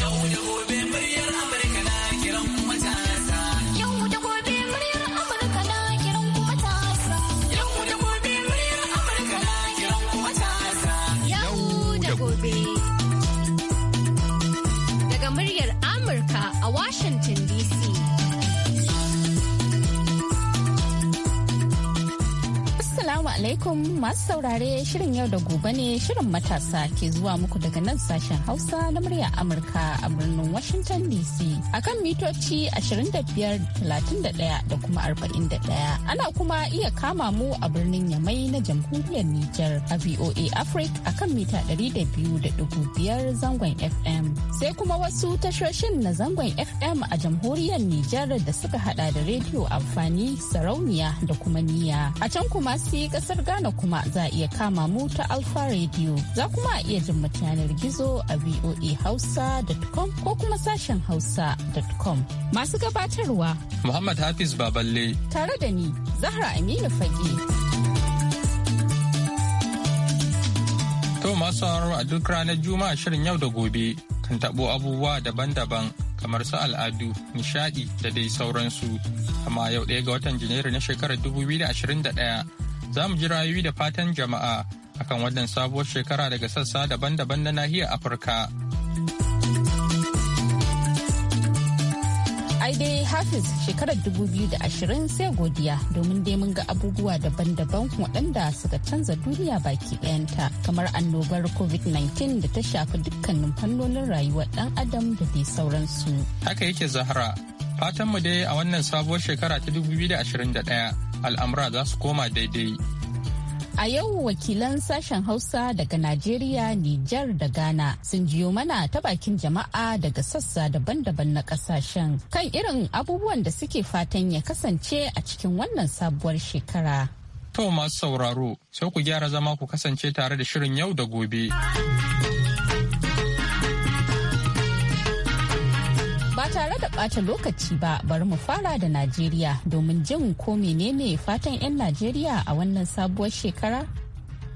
Yau da baby. alaikum masu saurare shirin yau da gobe ne shirin matasa ke zuwa muku daga nan sashen Hausa na murya Amurka a birnin Washington DC akan mitoci 25,31 da kuma 41. Ana kuma iya kama mu a birnin Yamai na jamhuriyar Nijar a VOA Africa akan mita 200.5 zangon FM. Sai kuma wasu tashoshin na zangon FM a jamhuriyar Nijar da suka hada da rediyo amfani sarauniya da kuma niya. A can kuma sai kasar kasar Ghana kuma za a iya kama mu ta Alfa Radio. Za kuma a iya jin yanar gizo a VOA Hausa.com ko kuma sashen Hausa.com. Masu gabatarwa. Muhammad Hafiz Baballe. Tare da ni, Zahra Aminu Fage. To masu sauraro a duk ranar Juma'a shirin yau da gobe kan tabo abubuwa daban-daban kamar su al'adu, nishadi da dai sauransu. Amma yau ɗaya ga watan Janairu na shekarar 2021 za mu ji rayuwi da fatan jama'a akan wannan sabuwar shekara daga sassa daban-daban na nahiyar Afirka. ai dai hafiz shekarar ashirin sai godiya domin dai mun ga abubuwa daban-daban waɗanda suka canza duniya baki ɗayanta kamar annobar covid-19 da ta shafi dukkanin fannonin rayuwar ɗan adam da dai sauransu haka yake zahara Fatanmu dai a wannan sabuwar shekara ta 2021 al'amura za su koma daidai. A yau wakilan sashen Hausa daga Najeriya, Nijar da Ghana sun jiyo mana ta bakin jama'a daga sassa daban-daban na kasashen kan irin abubuwan da suke fatan ya kasance a cikin wannan sabuwar shekara. To masu sauraro, sai ku gyara zama ku kasance tare da shirin yau da gobe. Ba tare da ɓata lokaci ba bari mu fara da Najeriya domin jin ko menene fatan 'yan Najeriya a wannan sabuwar shekara?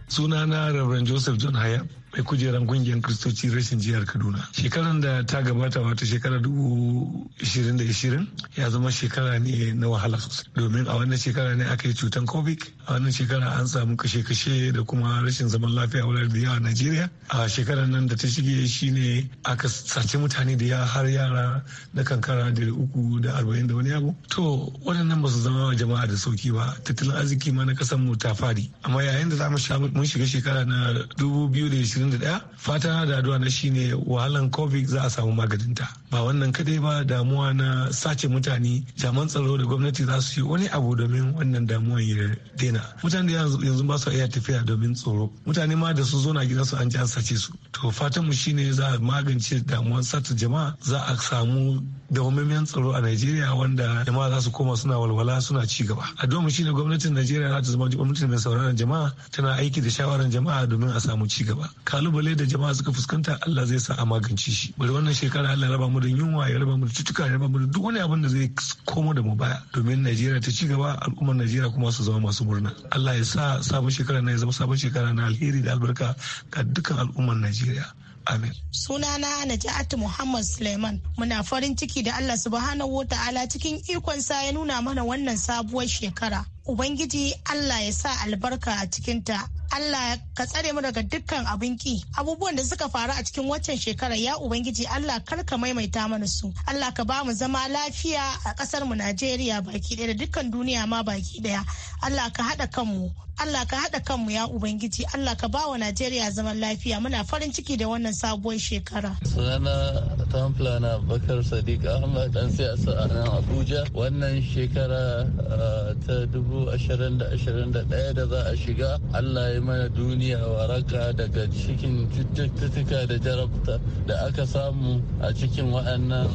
Sunana Reverend Joseph John Hayat mai kujeran kungiyar kristoci rashin jihar kaduna shekaran da ta gabata wata shekara dubu ishirin da ishirin ya zama shekara ne na wahala sosai domin a wannan shekara ne aka yi cutan covid a wannan shekara an samu kashe-kashe da kuma rashin zaman lafiya wurare da yawa a najeriya a shekarar nan da ta shige shine aka sace mutane da yawa har yara na kankara da uku da arba'in da wani abu to waɗannan ba su zama wa jama'a da sauki ba tattalin arziki ma na ƙasar mu ta fadi amma yayin da za mu mun shiga shekara na dubu biyu da ishirin. 2021 fata da aduwa na shine wahalan covid za a samu maganinta ba wannan kadai ba damuwa na sace mutane jaman tsaro da gwamnati za su yi wani abu domin wannan damuwan ya daina mutane yanzu ba su iya tafiya domin tsoro mutane ma da su zo na gidansu an ji an sace su to fatan mu shine za a magance damuwan sace jama'a za a samu dawwammamen tsaro a Najeriya wanda jama'a za su koma suna walwala suna ci gaba. adua mu shine gwamnatin Najeriya za ta zama gwamnatin mai sauraron jama'a tana aiki da shawaran jama'a domin a samu ci gaba. kalubale da jama'a suka fuskanta Allah zai sa a magance shi bari wannan shekara Allah ya raba mu da yunwa ya raba mu da cutuka ya raba mu da duk wani abin da zai komo da mu baya domin Najeriya ta ci gaba al'ummar Najeriya kuma su zama masu murna Allah ya sa sabon shekara na ya zama sabon shekara na alheri da albarka ga dukkan al'ummar Najeriya Amin. Sunana Naja'atu Muhammad Suleiman muna farin ciki da Allah subhanahu wa ta'ala cikin ikon sa ya nuna mana wannan sabuwar shekara. Ubangiji Allah ya sa albarka a cikinta. Allah ka tsare mu daga dukkan abin Abubuwan da suka faru a cikin waccan shekara ya Ubangiji Allah kar ka maimaita mana su. Allah ka ba mu zama lafiya a kasar mu Najeriya baki ɗaya da dukkan duniya ma baki ɗaya. Allah ka haɗa kanmu. Allah ka haɗa kanmu ya Ubangiji. Allah ka ba wa Najeriya zaman lafiya. Muna farin ciki da wannan sabuwar shekara. Sunana na Bakar Sadiq Ahmad dan siyasa a nan Abuja. Wannan shekara ah, ta dubu 2021 da za a shiga allah ya mana duniya waraka daga cikin cututtuka da jarabta da aka samu a cikin waɗannan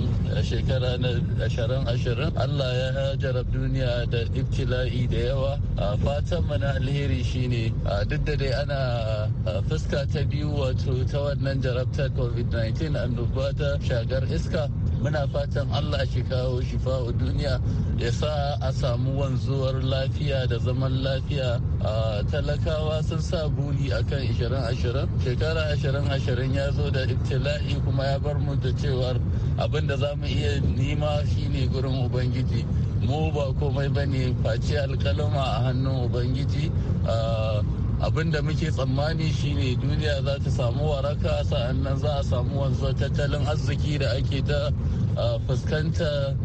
shekara na ashirin. allah ya jarab duniya da ibtila'i da yawa a fatan mana alheri shine duk da dai ana fuska ta biyu wato ta wannan jarabtar covid-19 annoba ta shagar iska muna fatan allah shi kawo a duniya ya sa a samu wanzuwar lafiya da zaman lafiya a talakawa sun sa buri akan ishirin 20 shekara 20-20 ya zo da iftila'i kuma ya bar mu da cewar abinda da za mu iya nima shine gurin ubangiji mu ba komai ba ne face alkalama a hannun ubangiji abin da muke tsammani shine duniya za ta samu waraka sa'annan za a samu wanzu tattalin arziki da ake ta fuskanta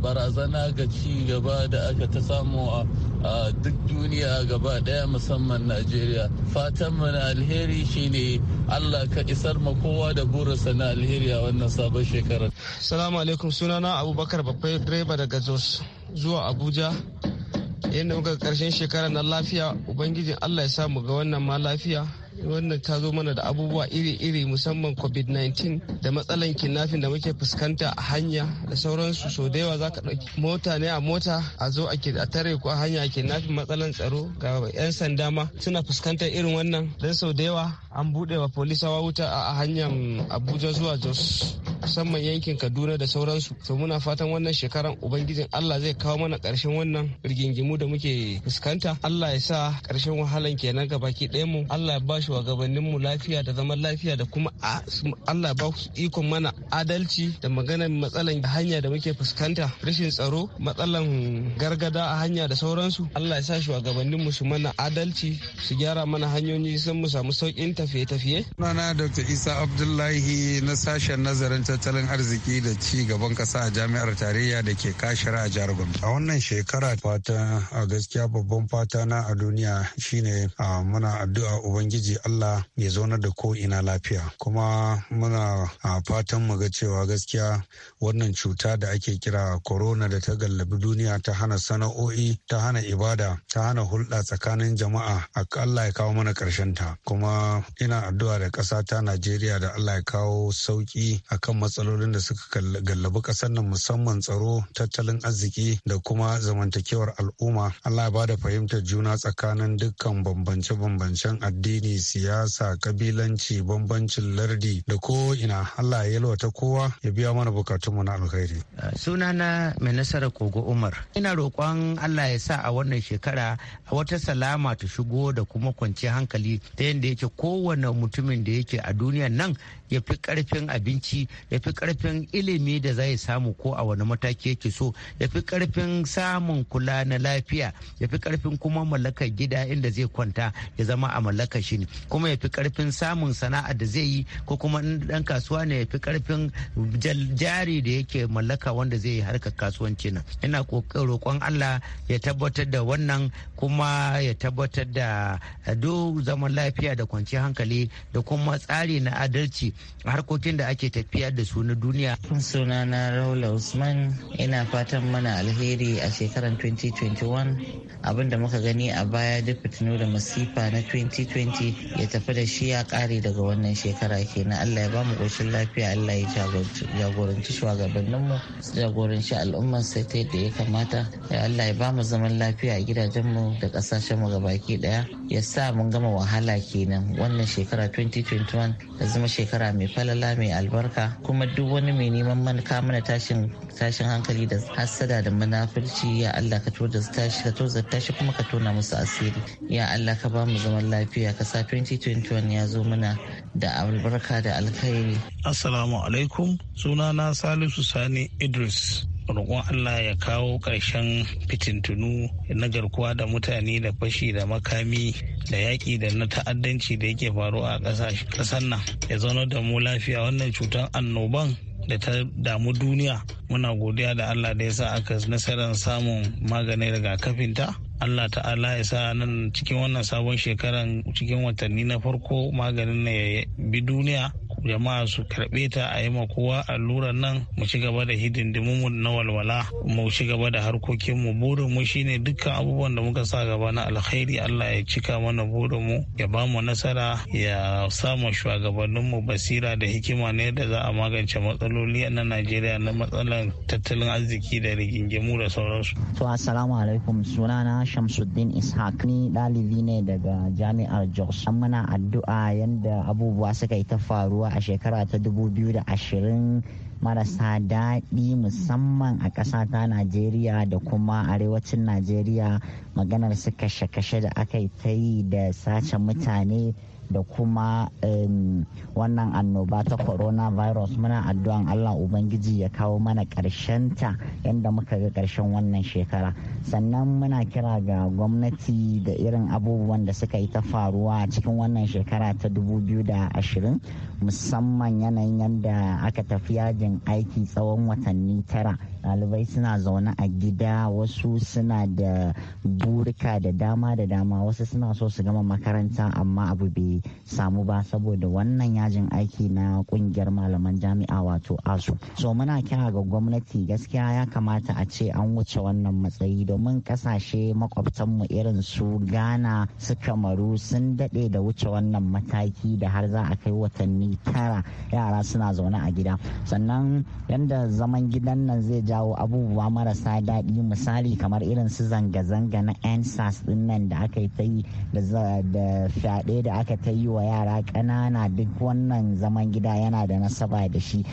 barazana ga ci gaba da aka ta samu a duk duniya gaba daya musamman najeriya fatanmu na alheri shine allah ka isar ma kowa da burinsa na alheri a wannan sabon shekarar salamu alaikum sunana abubakar babbai direba daga jos zuwa abuja yadda muka karshen shekarar na lafiya ubangijin allah ya samu ga wannan ma lafiya wannan ta zo mana da abubuwa iri-iri musamman covid-19 da matsalan kidnapping da muke fuskanta a hanya da sauransu so da yawa ka ɗauki mota ne a mota a zo a tare ku a hanya kinnafin matsalan tsaro ga 'yan sanda ma suna fuskantar irin wannan don sau da yawa an buɗe wa polisawa wuta a hanyar abuja zuwa jos musamman yankin kaduna da sauransu to muna fatan wannan shekaran ubangijin allah zai kawo mana ƙarshen wannan rigingimu da muke fuskanta allah ya sa ƙarshen wahalan kenan gabaki ɗaya mu allah ya ba shi shugabanninmu lafiya da zaman lafiya da kuma Allah ba su ikon mana adalci da maganar matsalan hanya da muke fuskanta rashin tsaro matsalan gargada a hanya da sauransu Allah ya sa shugabanninmu su mana adalci su gyara mana hanyoyi sun mu samu saukin tafiye-tafiye. Nana Dr. Isa Abdullahi na sashen nazarin tattalin arziki da ci gaban kasa a jami'ar tarayya da ke kashira a jihar Gombe. A wannan shekara fata a gaskiya babban fata na a duniya shine muna addu'a Ubangiji ubangiji allah ya zaunar da ko ina lafiya kuma muna fatan mu ga cewa gaskiya wannan cuta da ake kira corona da ta gallabi duniya ta hana sana'o'i ta hana ibada ta hana hulɗa tsakanin jama'a akalla ya kawo mana ƙarshen ta kuma ina addu'a da ƙasa ta najeriya da allah ya kawo sauki akan matsalolin da suka gallabi ƙasar nan musamman tsaro tattalin arziki da kuma zamantakewar al'umma allah ya bada fahimtar juna tsakanin dukkan bambance-bambancen addini siyasa kabilanci bambancin lardi da ko ina Allah ya yalwata kowa ya biya mana bukatunmu na alkhairi sunana mai nasara kogo umar ina roƙon Allah ya sa a wannan shekara a wata salama ta shigo da kuma kwanci hankali ta yadda yake kowane mutumin da yake a duniya nan ya fi karfin abinci ya fi karfin ilimi da zai samu ko a wani mataki yake so ya fi karfin samun kula na lafiya ya fi karfin kuma mallakar gida inda zai kwanta ya zama a mallakar shi kuma ya fi karfin samun sana'a da zai yi ko kuma dan kasuwa ne ya fi karfin jari da yake mallaka wanda zai yi harkar kasuwanci nan ina roƙon Allah ya tabbatar da wannan kuma ya tabbatar da duk zaman lafiya da kwanciyar hankali da kuma tsari na adalci harkokin da ake tafiya da su na duniya sunana Raula Usman ina fatan mana alheri a shekarar 2021 abinda muka gani a baya duk fitinu da masifa na 2020 ya tafi da shi ya kare daga wannan shekara kenan allah ya ba mu ƙoshin lafiya allah ya jagoranci shugabanninmu jagoranci al'ummar sai ta yadda ya kamata ya allah ya ba mu zaman lafiya a gidajenmu da ƙasashenmu baki daya ya sa mun gama wahala kenan wannan shekara 2021 ta zama shekara mai falala mai albarka kuma duk wani mai neman man mana tashin tashin hankali da hassada da munafurci ya allah ka to da kuma ka tona musu asiri ya allah ka ba mu zaman lafiya ka sa 2021 ya zo mana da albarka da alkhairi. Assalamu alaikum sunana Salisu Sani Idris. roƙon Allah ya kawo ƙarshen fitintunu na garkuwa da mutane da fashi da makami da yaƙi da na ta'addanci da yake faruwa a ƙasar nan ya zauna da mu lafiya wannan cutar annoban da ta damu duniya muna godiya da Allah da ya sa aka nasarar samun maganin rigakafinta allah ta'ala ya sa nan cikin wannan sabon shekaran cikin watanni na farko maganin na ya bi duniya jama'a su karɓe ta a yi ma kowa allurar nan mu ci gaba da hidindimu na walwala mu ci gaba da harkokin mu burin mu shine dukkan abubuwan da muka sa gaba na alkhairi Allah ya cika mana burin mu ya ba mu nasara ya samu shugabannin mu basira da hikima ne da za a magance matsaloli na Najeriya na matsalar tattalin arziki da rigingimu da sauransu. To assalamu alaikum sunana Shamsuddin Ishaq ni dalibi ne daga jami'ar Jos. amma muna addu'a yanda abubuwa suka yi ta faruwa rayuwa a shekara ta 2020 marasa daɗi musamman a ƙasa ta najeriya da kuma arewacin najeriya maganar su kashe-kashe da aka yi ta yi da sace mutane da kuma wannan annoba ta coronavirus muna addu'an allah ubangiji ya kawo mana ta yadda muka ga ƙarshen wannan shekara sannan muna kira ga gwamnati da irin abubuwan da suka yi ta faruwa cikin wannan shekara ta 2020 musamman yanayin yadda aka tafi yajin aiki tsawon watanni tara ɗalibai suna zaune a gida wasu suna da burika da dama da dama wasu suna so su gama makaranta amma abu bai samu ba saboda wannan yajin aiki na kungiyar malaman jami'a wato asu so muna kira ga gwamnati gaskiya ya kamata a ce an wuce wannan matsayi domin kasashe makwabtanmu irin su ghana su kamaru sun daɗe da wuce wannan mataki da har za a kai watanni tara yara suna zaune a gida sannan yadda zaman gidan nan zai jawo abubuwa marasa daɗi misali kamar irin su zanga-zanga na ensas din nan da aka ta yi da fyaɗe da aka ta yi wa yara ƙanana duk wannan zaman gida yana da nasaba da shi.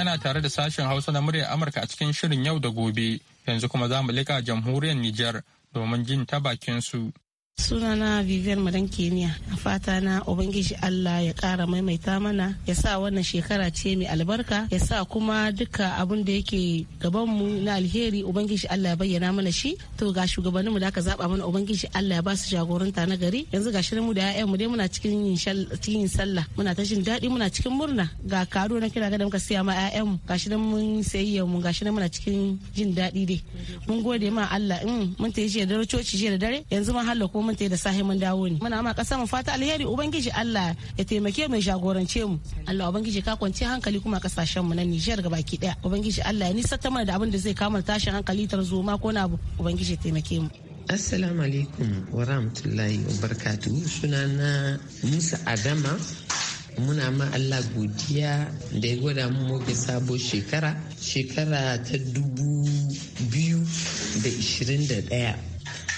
yana tare da sashen Hausa na muryar Amurka a cikin shirin yau da gobe, yanzu kuma za mu liƙa jamhuriyar Nijar domin jin ta bakin su. sunana vivian madan kenya a fata na ubangiji allah ya kara maimaita mana ya sa wannan shekara ce mai albarka ya sa kuma duka abin da yake gabanmu na alheri ubangiji allah ya bayyana mana shi to ga shugabanninmu da aka zaba mana ubangiji allah ya ba su jagoranta na gari yanzu ga shirin mu da mu dai muna cikin cikin sallah muna ta jin daɗi muna cikin murna ga karu na kira da muka siya ma mu ga shirin mun sayayya mu ga shirin muna cikin jin daɗi dai mun gode ma allah in mm, mun ta yi da dare coci da dare yanzu ma hallo kuma mun da safe mun dawo ne muna ma kasa mu fata alheri ubangiji Allah ya taimake mu jagorance mu Allah ubangiji ka kwance hankali kuma kasashen mu na Niger baki daya ubangiji Allah ya nisa ta mana da abin da zai kama tashin hankali ma ko na bu ubangiji taimake mu Assalamu alaikum wa rahmatullahi wa barakatuhu sunana Musa Adama muna ma Allah godiya da ya gwada mu muke sabo shekara shekara ta dubu biyu da ishirin da daya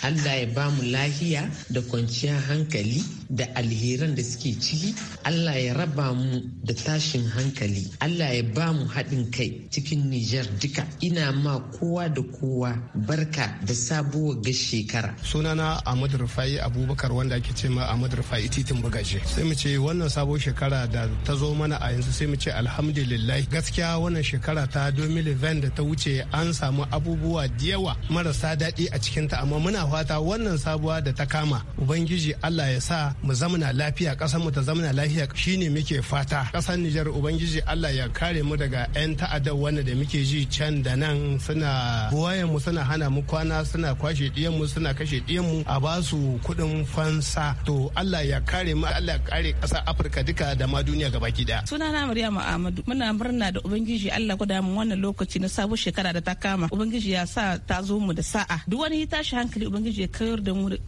Allah ya ba mu lahiya da kwanciyar hankali da alheran da suke ciki Allah ya raba mu da tashin hankali Allah ya ba mu haɗin kai cikin Nijar duka ina ma kowa da kowa barka da sabuwar ga shekara sunana Ahmad Rufai Abubakar wanda ake ce ma Ahmad Rufai titin bugaje sai mu ce wannan sabuwar shekara da ta zo mana a yanzu sai mu ce alhamdulillah gaskiya wannan shekara ta 2020 da ta wuce an samu abubuwa da yawa marasa daɗi a cikinta amma muna fata wannan sabuwa da ta kama ubangiji Allah ya sa mu zamana lafiya kasar mu ta zamana lafiya shine muke fata kasar Nijar ubangiji Allah ya kare mu daga 'yan ta'addar wanda da muke ji can da nan suna buwayen mu suna hana mu kwana suna kwashe diyan mu suna kashe diyan mu a ba su kuɗin fansa to Allah ya kare mu Allah ya kare kasa Afirka duka da ma duniya gabaki daya sunana Maryam Ahmadu muna murna da ubangiji Allah guda mu wannan lokaci na sabon shekara da ta kama ubangiji ya sa ta zo mu da sa'a duk wani tashi hankali ubangiji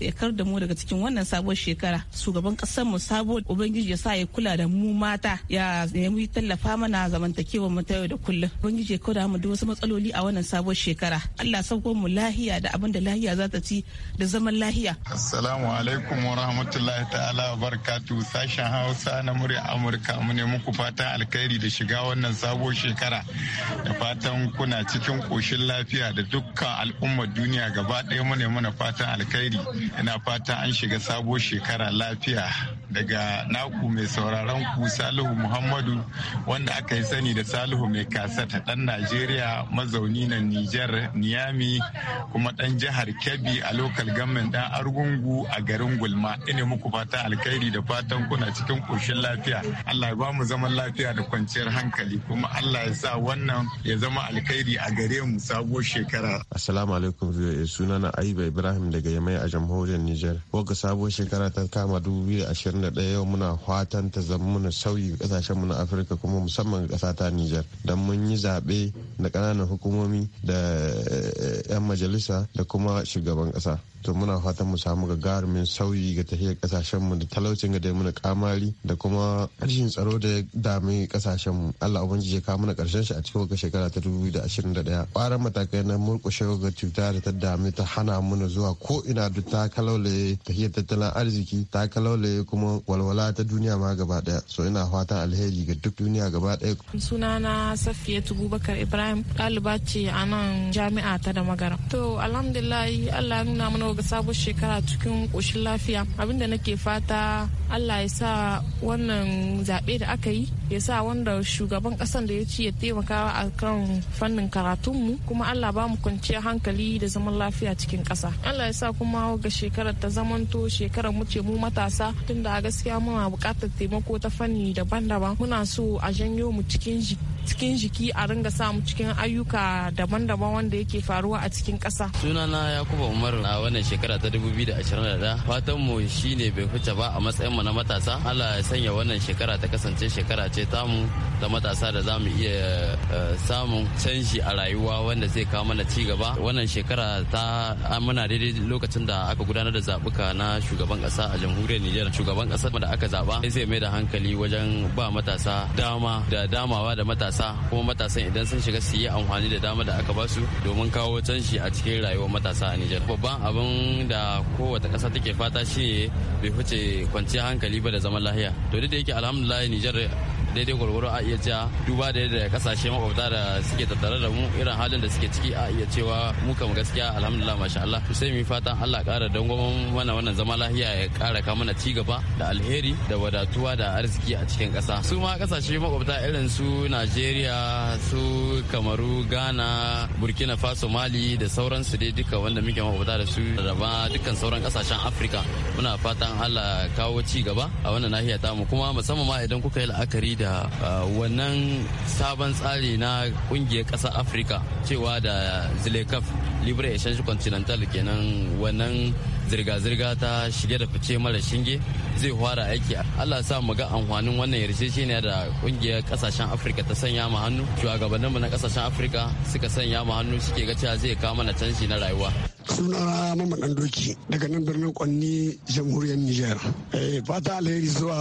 ya kar da mu daga cikin wannan sabuwar shekara shugaban kasar mu sabo ubangiji ya sa ya kula da mu mata ya nemi tallafa mana zamantakewa mu ta yau da kullum ubangiji ya kauda mu da wasu matsaloli a wannan sabuwar shekara Allah sauko mu lahiya da abin da lahiya za ta ci da zaman lahiya assalamu alaikum wa rahmatullahi ta'ala wa barakatuh sashen Hausa na murya Amurka mu ne muku fatan alkhairi da shiga wannan sabuwar shekara da fatan kuna cikin koshin lafiya da dukkan al'ummar duniya gaba ɗaya mu ne muna fatan alkhairi ina fatan an shiga sabuwar shekara lafiya daga naku mai sauraron ku salihu muhammadu wanda aka yi sani da salihu mai kasata dan najeriya mazauni na niger niyami kuma dan jihar kebbi a lokal gamin dan argungu a garin gulma ina muku fatan alkhairi da fatan kuna cikin koshin lafiya allah ya bamu zaman lafiya da kwanciyar hankali kuma allah ya sa wannan ya zama alkhairi a gare mu sabuwar shekara assalamu alaikum sunana ayuba ibrahim Ibrahim daga Yamai a jamhuriyar Nijar. Wagga sabuwar shekara ta kama 2021 yau muna fatan ta zama muna sauyi kasashen mu na Afirka kuma musamman ƙasa ta Nijar. don mun yi zaɓe da ƙananan hukumomi da eh, eh, 'yan majalisa da kuma shugaban ƙasa. to muna fatan mu samu gagarumin sauyi ga tafiyar kasashen mu da talaucin ga da muna kamari da kuma rashin tsaro da ya dami kasashen mu Allah ubangiji ya kawo mana karshen shi a cikin wata shekara ta 2021 kwaran matakai na murkushe ga cuta da ta dami ta hana muna zuwa ko ina duk ta kalaulaye tafiyar tattalin arziki ta kalaulaye kuma walwala ta duniya ma gaba daya so ina fatan alheri ga duk duniya gaba daya sunana safiyatu bakar ibrahim ɗaliba ce a nan jami'a ta da magara to alhamdulillah Allah nuna mana ga sabon shekara cikin koshin lafiya abinda nake fata allah ya sa wannan zaɓe da aka yi ya sa wanda shugaban kasan da ya ci ya taimaka a kan fannin karatunmu kuma allah ba mu kwanciyar hankali da zaman lafiya cikin kasa allah ya sa kuma ga shekarar ta zamanto shekarar mu ce mu matasa tunda a gaskiya muna buƙatar taimako ta fanni daban-daban muna so a janyo mu cikin cikin jiki a ringa samu cikin ayyuka daban-daban wanda yake faruwa a cikin ƙasa. sunana yakuba umar a wannan shekara ta 2021 fatan mu shine bai fice ba a matsayin mu na matasa allah ya sanya wannan shekara ta kasance shekara ce samu da matasa da za iya eh, samun canji a rayuwa wanda zai kawo mana ci gaba wannan shekara ta muna daidai lokacin da aka gudanar da zabuka na shugaban kasa a jamhuriyar Nijar shugaban kasa da aka zaba zai mai da hankali wajen ba matasa dama da damawa da matasa kuma matasan idan sun shiga su yi amfani da dama da aka ba su domin kawo canji a cikin rayuwar matasa a Nijar babban abin da kowace kasa take fata shi bai fice kwanciyar hankali ba da zaman lahiya to duk da yake alhamdulillah Nijar daidai gwargwaro a iya cewa duba da yadda kasashe makwabta da suke tattare da mu irin halin da suke ciki a iya cewa mu kam gaskiya alhamdulillah masha Allah sai mu fatan Allah ƙara dangwamon mana wannan zama lafiya ya ƙara ka mana ci gaba da alheri da wadatuwa da arziki a cikin kasa su ma kasashe makwabta irin su Najeriya su Kamaru Ghana Burkina Faso Mali da sauransu dai duka wanda muke makwabta da su da ba dukkan sauran kasashen Afirka muna fatan Allah kawo ci gaba a wannan nahiya tamu kuma musamman ma idan kuka yi la'akari da da uh, wannan sabon tsari na kungiyar ƙasar afirka cewa da zilekaf libre exchange continental kenan wannan zirga-zirga ta shige da fice mara shinge zai fara aiki allah sa mu ga amfanin wannan yarjejeniya da kungiyar kasashen afirka ta sanya mu hannu mu na kasashen afirka suka sanya mu hannu suke ga cewa zai kawo mana canji na rayuwa sunana mama dan doki daga nan birnin kwanni jamhuriyar niger eh, fata alheri zuwa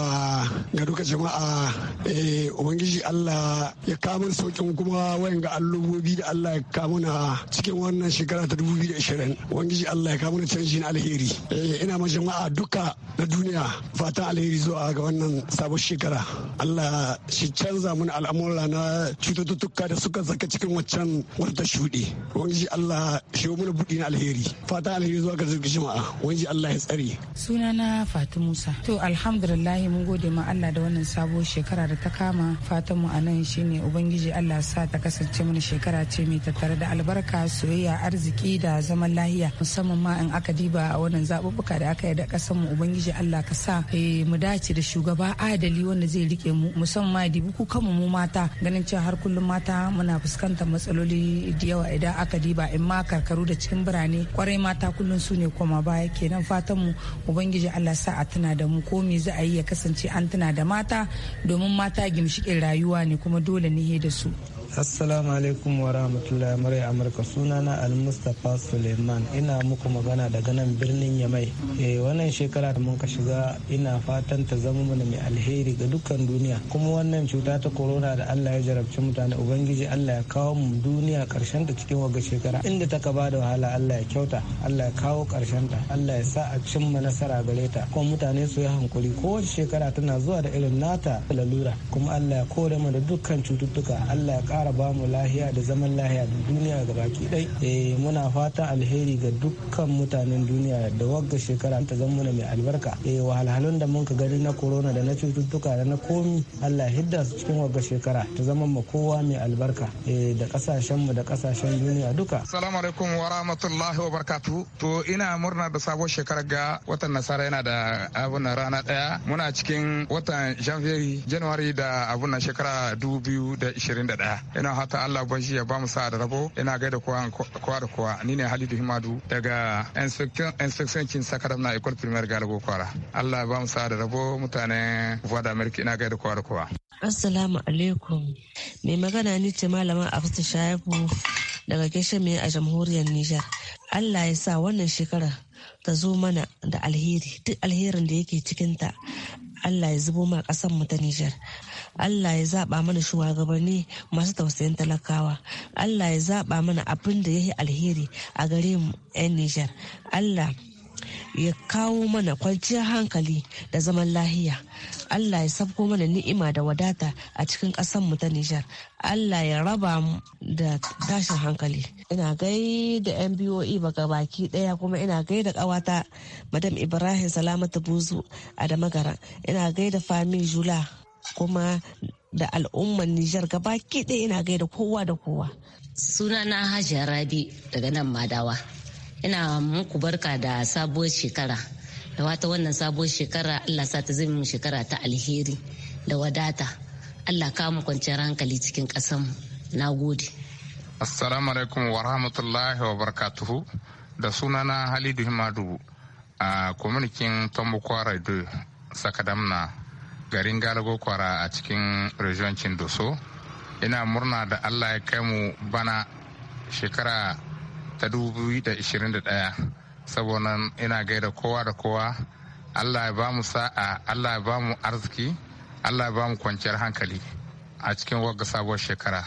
ga duka jama'a eh, ubangiji allah ya kamun saukin kuma wayanga ga allobobi da allah ya kamuna cikin wannan shiga shekara ta 2020 ji Allah ya kawo mana canji na alheri eh, ina ma jama'a duka na duniya fatan alheri zuwa ga wannan sabon shekara Allah shi canza mana al'amura na cututtuka da suka zaka cikin waccan wata shuɗe ji Allah shi mana buɗi na alheri fatan alheri zuwa ga jama'a ji Allah ya tsare sunana Fatu Musa to alhamdulillah mun gode ma Allah da wannan sabon shekara da ta kama fatan mu nan shine ubangiji Allah sa ta kasance mana shekara ce mai tattare da albarka soyayya arziki arziki da zaman lahiya musamman ma in aka diba a wannan zaɓuɓɓuka da aka yi da ƙasar mu ubangiji Allah ka sa eh, mu dace da shugaba adali wanda zai rike mu musamman ma dibi ku kanmu mu mata ganin cewa har kullum mata muna fuskantar matsaloli da yawa idan aka diba in ma karkaru da cikin birane kwarai mata kullum su ne koma baya kenan fatan mu ubangiji Allah sa a tuna da mu ko me za a yi ya kasance an tuna da mata domin mata gimshikin rayuwa ne kuma dole ne da su Assalamu alaikum wa rahmatullahi ya Amurka sunana Al-Mustapha Suleiman ina muku magana daga nan birnin Yamai. eh wannan shekara da muka shiga ina fatan ta zama mana mai alheri ga dukkan duniya. Kuma wannan cuta ta corona da Allah ya jarabci mutane Ubangiji Allah ya kawo mu duniya karshen ta cikin waga shekara. Inda ta ba da wahala Allah ya kyauta, Allah ya kawo karshen ta, Allah ya sa a cimma nasara gare ta. Kuma mutane su yi hankuri kowace shekara tana zuwa da irin nata lalura kuma Allah ya kore mana dukkan cututtuka Allah ya ƙara ba mu lahiya da zaman lahiya da duniya ga baki ɗai eh, muna fata alheri ga dukkan mutanen duniya da wagga shekara ta zama mai albarka eh wahalhalun da mun ka gani na corona da na cututtuka da na komi Allah hidda su cikin wagga shekara ta zama ma kowa mai albarka eh da kasashen mu da kasashen duniya duka assalamu alaikum wa rahmatullahi wa barakatuh to ina murna da sabon shekarar ga watan nasara yana da abun rana daya muna cikin watan janvier january da abun shekara 2021 ina hata Allah shi ya ba mu sa'a da rabo ina gaida kowa kowa da kowa ni ne Halidu Himadu daga inspection kin sakaram na Ecole Primaire Galago Kwara Allah ya ba mu sa'a da rabo mutanen Voix d'Amérique ina gaida kowa da kowa Assalamu alaikum mai magana ni ce malama Afsa Shaibu daga mai a jamhuriyar Nijar Allah ya sa wannan shekara ta zo mana da alheri duk alherin da yake cikinta Allah ya zubo ma ƙasar mu ta Nijar Allah ya zaba mana shugabanni masu tausayin talakawa Allah ya zaba mana abin da ya yi alheri a gare mu 'yan Nijar Allah ya kawo mana kwanciyar hankali da zaman lahiya allah ya sabko mana ni'ima da wadata a cikin mu ta nijar allah ya raba mu da tashin hankali ina gai da yan biyoyi e baka baki daya kuma ina gai da kawata madam ibrahim salamatu buzu a da ina gai da fami jula kuma da al'ummar Nijar gaba kiɗe ina gaida kowa da kowa. Sunana hajji Rabi daga nan Madawa. Ina muku barka da sabuwar shekara. Da wata wannan sabuwar shekara Allah sa ta zama shekara ta alheri da wadata. Allah kama kwanciyar hankali cikin ƙasanmu. Na gode. Assalamu alaikum wa rahmatullahi wa barakatuhu. Da sunana Halidu Himadu a kwamitin Tambukwara Sakadamna garin galago kwara a cikin region cindoso ina murna da allah ya kai mu bana shekara ta 2021 saboda ina gaida kowa da kowa allah ya ba mu sa'a allah ya ba mu arziki allah ya ba mu kwanciyar hankali a cikin wagga sabuwar shekara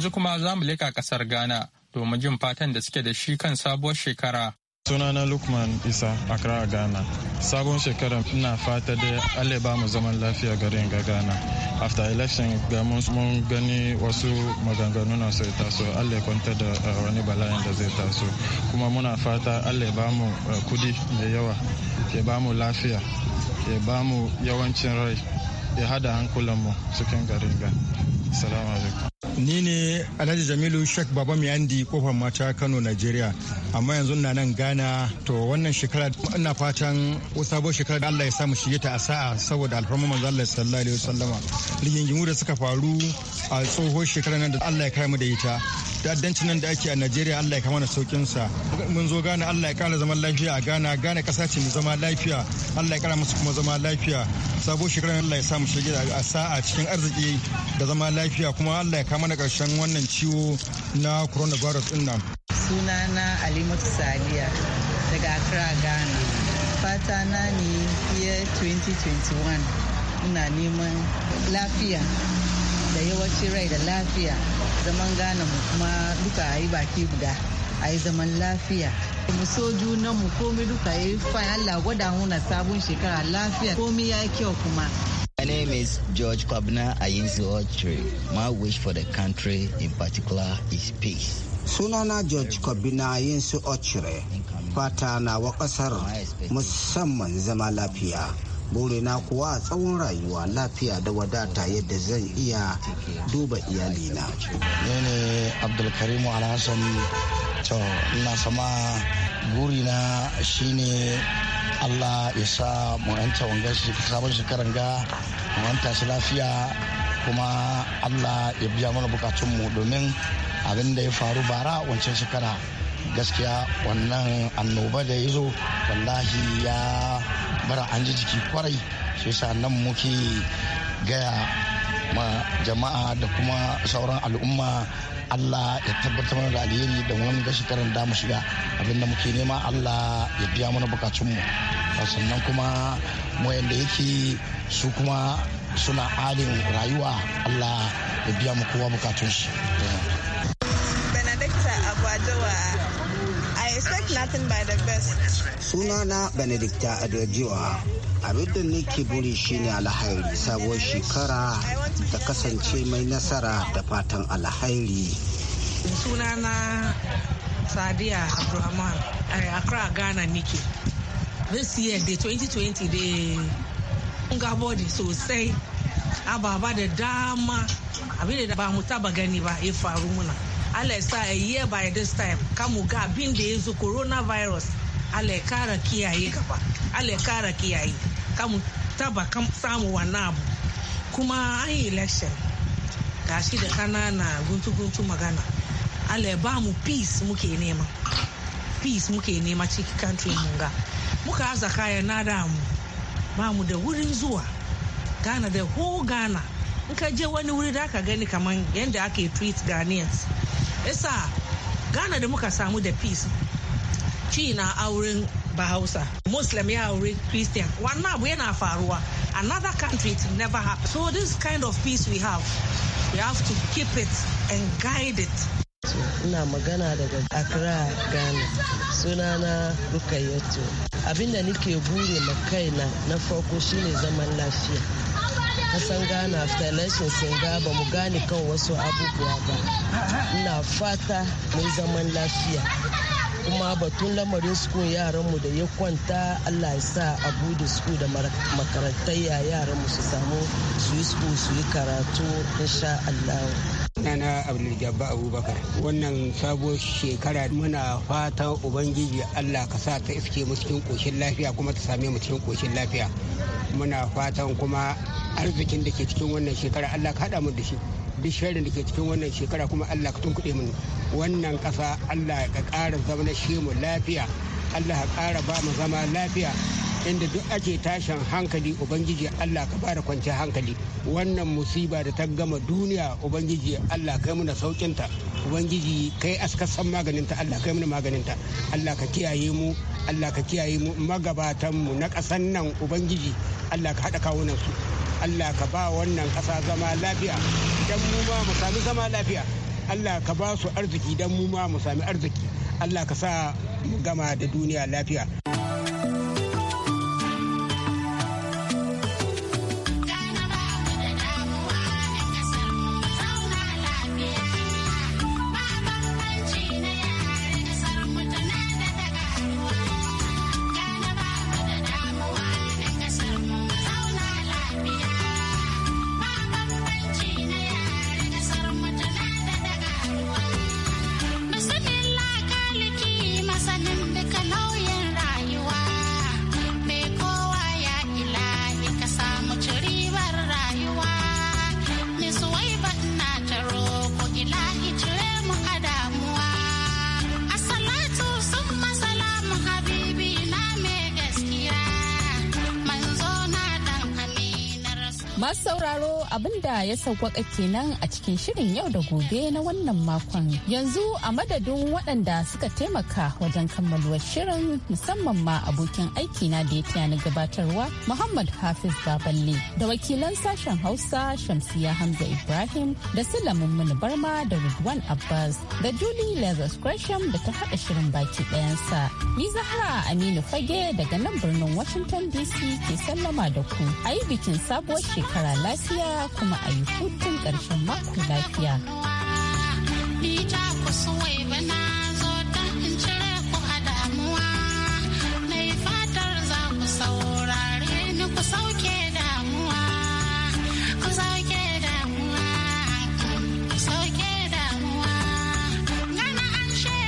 Yanzu kuma za mu leka kasar Ghana domin jin fatan da suke da shi kan sabuwar shekara. sunana lukman isa accra ghana sabon shekara ina fata da allah ba mu zaman lafiya garin ga ghana after election ga mun gani wasu maganganu na sai taso alle kwanta da eh, wani bala'in da zai taso kuma muna fata allah ba mu eh, kudi mai yawa ke ba mu lafiya ke ba mu yawancin rai ya hada hankulanmu cikin garin ga salamu alaikum Ni ne Alhaji Jamilu Sheikh Baba Miyandi kofar mata Kano Najeriya, amma yanzu na nan Ghana to wannan shekara ina fatan sabon shekara da Allah ya samu shige ta a sa'a saboda alfarmar manzo Allah sallallahu alaihi wasallama rigingimu da suka faru a tsohon shekara nan da Allah ya kai mu da ita ta'addancin nan da ake a Najeriya Allah ya kama na saukin sa mun zo Ghana Allah ya kara zaman lafiya a Ghana Ghana kasa ce mu zama lafiya Allah ya kara musu kuma zama lafiya sabo shekarar Allah ya samu shige a sa'a cikin arziki da zama lafiya kuma Allah ya kama na karshen wannan ciwo na coronavirus din nan sunana Alimatu Saliya daga Accra Ghana fata na ne year 2021 ina neman lafiya da yawanci rai da lafiya zaman gane mu kuma duka a yi baki guda a yi zaman lafiya mu so junan mu komai duka ya yi fa Allah gwada muna sabon shekara lafiya komai ya kyau kuma My name is George Kwabna Ayinzu Ochre. My wish for the country in particular is peace. Sunana George Kwabna Ayinzu Ochre. Fata na wa kasar musamman zama lafiya. burina kuwa tsawon rayuwa lafiya da wadata yadda zan iya duba iyalina ne ne abdulkarimu alhassan to ina sama burina shine allah ya sa mu yanta wanga sabon shekaran ga mu shi lafiya kuma allah ya biya mana bukatunmu domin abin da ya faru bara wancan shekara gaskiya wannan annoba da ya zo wallahi ya bara an ji jiki kwarai shi sa nan muke gaya ma jama'a da kuma sauran al'umma Allah ya tabbatar mana da alheri da wani ga shekarar da mu shiga abinda muke nema Allah ya biya mana bukatunmu sannan kuma wayanda yake su kuma suna alin rayuwa Allah ya biya mu kowa bukatunsu. Adowa. I expect nothing by the best. Sunana Benedicta Adojiwa. Abin da nake buri shine alhairi sabuwar shekara ta kasance mai nasara da fatan alhairi. Sunana Sadiya Abdulrahman eh, Accra Ghana nike. This year the 2020 dey ga body sosai ababa da dama abin da ba mu taba gani ba ya faru muna. ala ya eyiye a year by this time kamu ga abin da ya zo coronavirus Allah ya kiyaye gaba Allah ya kiyaye kamu taba kam samu wannan abu kuma an yi election shi da kanana guntu-guntu magana Allah ya ba mu peace muke nema peace muke nema cikin country mun ga muka azaka kaya na damu ba mu da wurin zuwa Ghana da whole Ghana in ka je wani wuri da aka gani kamar yadda ake treat Ghanaians isa ghana da muka samu da peace ci na auren bahausa muslim ya aure christian wannan abu yana faruwa another country it never happen so this kind of peace we have we have to keep it and guide it ina magana daga accra ghana sunana rukayeto abinda nike bure kaina na farko shine zaman lafiya kasan ghana after election sun ga ba mu gane kan wasu abubuwa ba ina fata mai zaman lafiya kuma batun lamarin school yaranmu da ya kwanta allah ya sa abu da suku da makarantar yaranmu su samu su yi suku su yi karatu insha allahu sunana abdulgabba abubakar wannan sabuwar shekara muna fatan ubangiji allah ka sa ta iske mu cikin koshin lafiya kuma ta same mu cikin koshin lafiya muna fatan kuma arzikin da ke cikin wannan shekara Allah ka haɗa mu da shi duk sharrin da ke cikin wannan shekara kuma Allah ka tunkuɗe mu wannan ƙasa Allah ka ƙara zama shi mu lafiya Allah ka ƙara ba mu zama lafiya inda duk ake tashin hankali ubangiji Allah ka da kwanciyar hankali wannan musiba da ta gama duniya ubangiji Allah kai muna saukin ta ubangiji kai askasan maganin ta Allah kai muna maganin ta Allah ka kiyaye mu Allah ka kiyaye mu magabatan mu na ƙasan nan ubangiji Allah ka haɗa kawunan su Allah ka ba wannan ƙasa zama lafiya dan mu ma mu sami zama lafiya Allah ka ba su arziki dan mu ma mu sami arziki Allah ka sa gama da duniya lafiya Masu sauraro abinda ya sauƙaƙa kenan a cikin shirin yau da gobe na wannan makon. Yanzu a madadin waɗanda suka taimaka wajen kammaluwar shirin musamman ma abokin aiki na da ya taya ni gabatarwa Muhammad Hafiz Baballe da wakilan sashen Hausa Shamsiya Hamza Ibrahim da Sulamun Mini Barma da Ridwan Abbas da Julie Lazarus Gresham da ta haɗa shirin baki ɗayansa. Ni Zahra Aminu Fage daga nan birnin Washington DC ke sallama da ku. A yi bikin sabuwar shekara. shekara lafiya kuma a yi hutun ƙarshen mako lafiya. Ni ta kusa wai bana